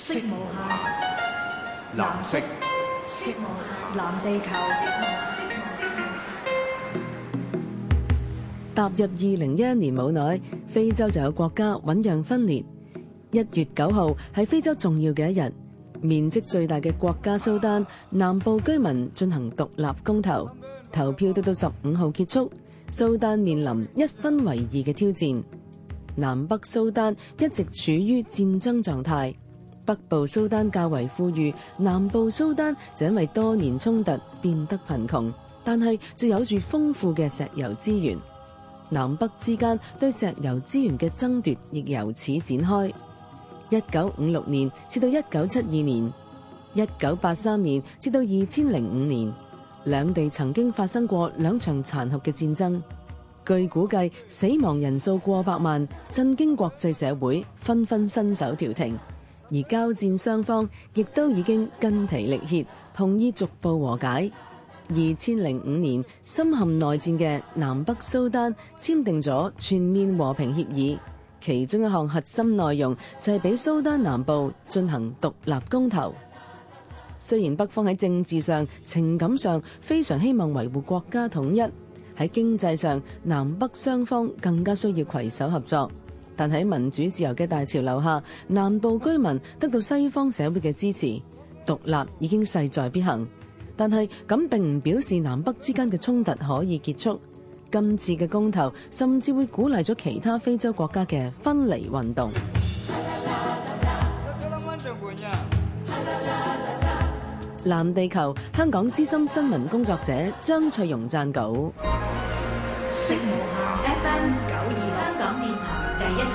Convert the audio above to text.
色無限藍色，藍地球。踏入二零一一年冇耐，非洲就有國家醞釀分裂。一月九號係非洲重要嘅一日，面積最大嘅國家蘇丹南部居民進行獨立公投，投票都到十五號結束。蘇丹面臨一分為二嘅挑戰。南北蘇丹一直處於戰爭狀態。北部蘇丹較為富裕，南部蘇丹就因為多年衝突變得貧窮，但係就有住豐富嘅石油資源。南北之間對石油資源嘅爭奪亦由此展開。一九五六年至到一九七二年，一九八三年至到二千零五年，兩地曾經發生過兩場殘酷嘅戰爭。據估計死亡人數過百萬，震驚國際社會，紛紛伸手調停。而交戰雙方亦都已經筋疲力竭，同意逐步和解。二千零五年，深陷內戰嘅南北蘇丹簽訂咗全面和平協議，其中一項核心內容就係俾蘇丹南部進行獨立公投。雖然北方喺政治上、情感上非常希望維護國家統一，喺經濟上，南北雙方更加需要攜手合作。但喺民主自由嘅大潮流下，南部居民得到西方社會嘅支持，獨立已經勢在必行。但係咁並唔表示南北之間嘅衝突可以結束。今次嘅公投甚至會鼓勵咗其他非洲國家嘅分離運動。藍地球，香港資深新聞工作者張翠蓉撰稿：。Well,